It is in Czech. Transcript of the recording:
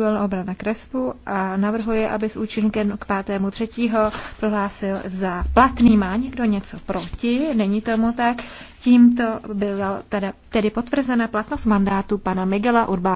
Byla obrana krespu a navrhuje, aby s účinkem k 5.3. prohlásil za platný. Má někdo něco proti? Není tomu tak. Tímto byla teda, tedy potvrzena platnost mandátu pana Miguela Urbá.